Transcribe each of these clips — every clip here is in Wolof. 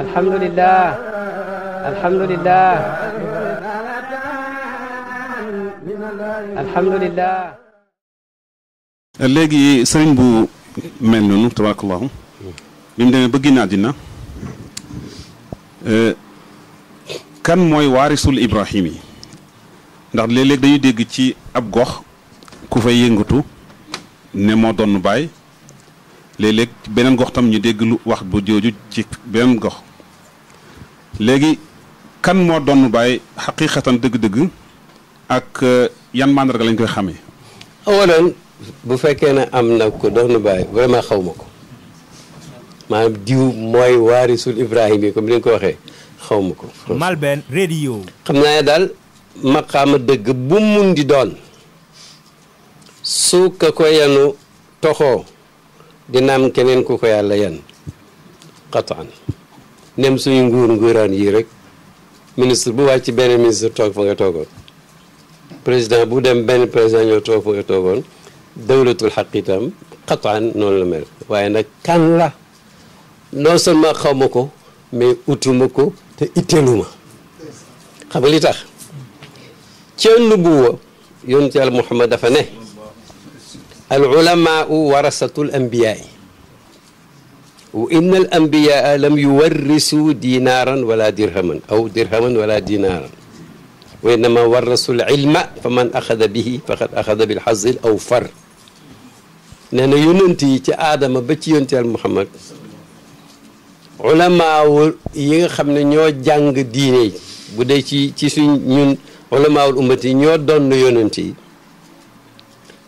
alhamdulilah alhamdulilah alhamdulilah. léegi sëriñ bu mel noonu tabarakallahu bi mu demee ba génn àddina euh, kan mooy waarisul Ibrahim yi ndax léeg-léeg dégg ci ab gox ku fay yëngatu. ne moo doon baay léeg-léeg beneen gox tam ñu dégg lu wax bu jooju ci beneen gox léegi kan moo doon baay xaqiqatan dëgg-dëgg ak euh, yan màndarga lañ koy xamee. awalan bu fekkee ne am na ko doon baay vraiment xaw ma ko maanaam diw mooy waarisul Ibrahim yi comme ni nga ko waxee xaw ma ko. Malben radio. xam naa ne daal maqaama dëgg bu mun di doon. su ka ko yanu toxoo dina am keneen ku ko yàlla yan xataan nem suñu nguur nguuraan yii rek ministre bu wàcc benn ministre toog fa nga toogoon président bu dem benn président ñoo toog fa nga toogoon dawlatul xaq itam xataan noonu la mel waaye nag kan la non seulement xaw ma ko mais utuma ko te itteeluma xam nga ci tax ca nubuwa yonent yàlla Muhammad dafa ne al ulamaau warasatu l ambiyaai wa inna al ambiyaa lam yuwarrisu dinaaran wala dirhaman aw dirhaman wala dinaaran wa innama warasu l ilma fa man axada bihi faqad axada bil xazil aw far nee na yonent yi ci aadama ba ci yonent yàlla Muhammad ulamaawul yi nga xam ne ñoo jàng diine bu dee ci ci suñ ñun ulamaawul ummat yi ñoo doon yonent yi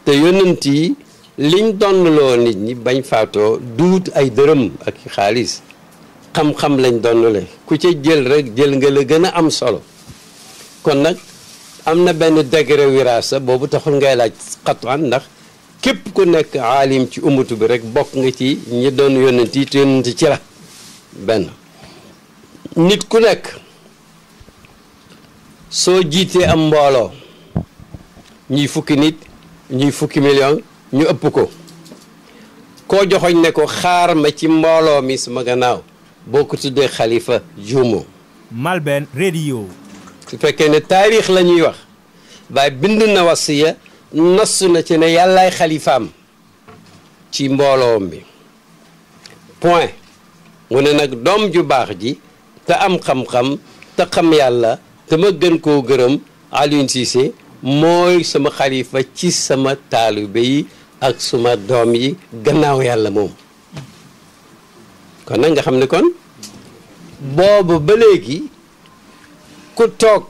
te yonent yi liñ donnloo nit ñi bañ faatoo duut ay dërëm ak xaalis xam-xam lañ donnle ku ca jël rekk jël nga la gën a am solo kon nag am na benn degré wiraasa boobu taxul ngay laaj xatuwaan ndax képp ku nekk aalim ci umatu bi rek bokk nga ci ñi doon yonent yi te yonent ci la benn nit ku nekk soo jiitee am mbooloo ñuy fukki nit ñuy fukki million ñu ëpp ko koo joxoñ ne ko xaar ma ci mbooloo mi sama gannaaw boo ko tuddee xalifa juumo Malben Radio su fekkee ne taarix lañuy wax waaye bind na wasiya nos na ci ne yàllaay xalifaam ci mbooloom bi point mu ne nag doom ju baax ji te am xam-xam te xam yàlla te ma gën koo gërëm Alioune Cissé mooy sama xalifa ci sama taalibe yi ak suma doom yi gannaaw yàlla moom kon nag nga xam ne kon boobu ba léegi ku toog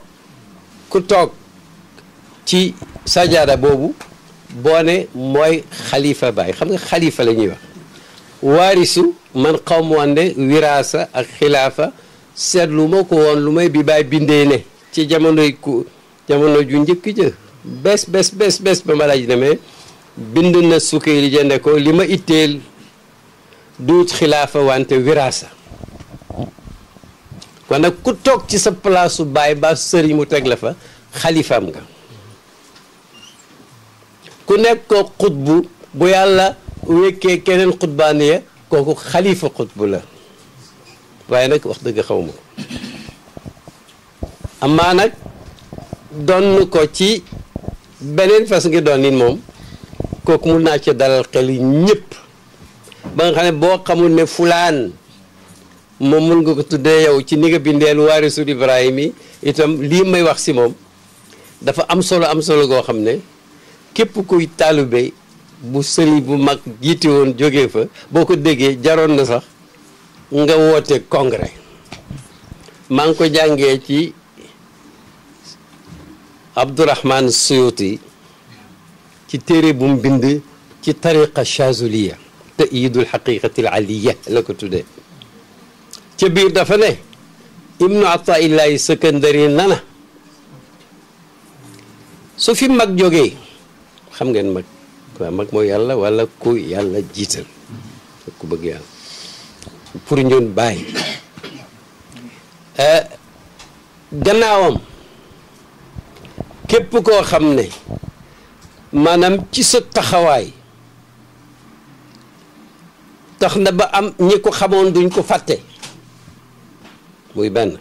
ku toog ci sajaada boobu boo ne mooy xalifa baay xam nga xalifa la ñuy wax waarisu man xaw ma ne wiraasa ak xilaafa seetlu ma ko woon lu may bi baay bindee ne ci jamonoy ku jamono ju njëkk ja bés bés bés bés ba ma laaj demee bind na Sukayri jënde ko li ma itteel duut xilaafa wante wiraasa kon nag ku toog ci sa palaasu baay ba sëriñ mu teg la fa xalifaam nga ku nekk ko xutbu bu yàlla wekkee keneen xutbaani ya kooku xalifa xutbu la waaye nag wax dëgg xaw ma ko amaa nag donn ko ci beneen fas ngi doon it moom kooku mun naa ci dalal xel ñëpp ba nga xam ne boo xamul ne fulaan moom mun nga ko tuddee yow ci ni nga bindeel waarisul Ibrahim yi itam lii may wax si moom dafa am solo am solo goo xam ne képp kuy taalibe bu sëriñ bu mag jiite woon jóge fa boo ko déggee jaroon na sax nga woote congrès maa ngi ko jàngee ci Abdourahman Suyuti ci téere bu mu bind ci tariqa chazuliya tayidul xaqiqatil aliya la ko tuddee ca biir dafa ne ibnu ataillahi sekandari nana su fi mag jógee xam ngeen mag waaw mag wala ku yàlla jiital ku bëgg yàlla pour eh, gannaawam képp koo xam ne maanaam ci sa taxawaay tax na ba am ñi ko xamoon duñ ko fàtte muy benn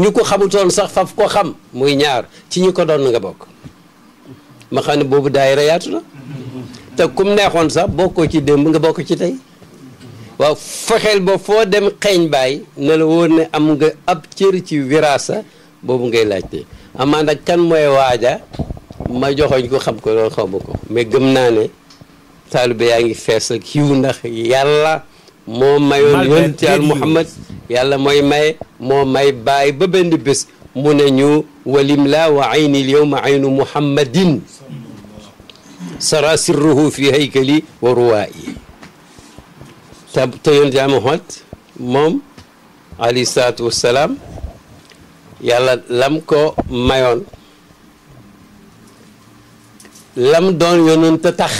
ñu ko xamutoon sax faf ko xam muy ñaar ci ñu ko doon nga bokk ma xam ne boobu daay yaatu na te kum neexoon sax bokkoo ci démb nga bokk ci tey waaw fexeel ba foo dem xeeñ baay na la wóor ne am nga ab cër ci wiraasa boobu ngay laaj laajte amaa nag kan mooy waaja ma joxoñ ko xam ko loolu xawma ko mais gëm naa ne taalibe yaa ngi fees ak xiw ndax yàlla moo mayoon yonent yàlla Muhammad yàlla mooy may moo may bàyyi ba benn bés mu ne ñu walim la wa ayni l yowma aynu muhammadin sara sirruhu fi haykali wa ruwaayi te te yonent yàlla Muhammad moom alayhi salaatu wassalaam yàlla lam ko mayoon lam doon yonent a tax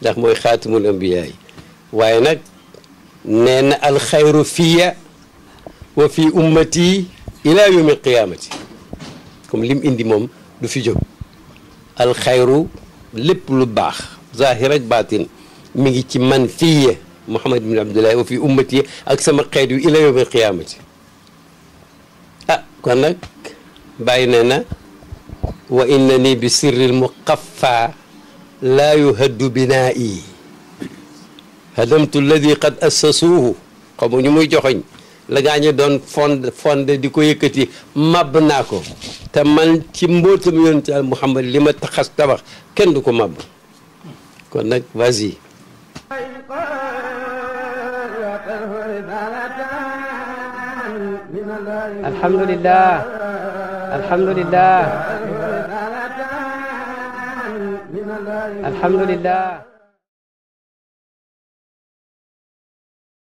ndax mooy xaatimul ambiyaa yi waaye nag nee na alxayru fiya wa fi ummati ila yawmi alqiyaamati comme lim indi moom du fi jóg alxayru lépp lu baax zahir ak baatin mi ngi ci man fiya Muhammad bin Abdullahi wa fi ummati ak sama xeet yu ila yawmi alqiyaamati kon nag bàyyi ne na wa inna ni bi sirril mu xaffaa laa yuhaddu binaa yi hadamtu lladi qad assasuuhu xamu ñu muy joxoñ la gaa doon fond fondé di ko yëkkati màbb naa ko te man ci mbootam yonent al Muhammad lima ma taxas tabax kenn du ko màbb kon nag vas alhamdulillah alhamdulillah alhamdulillah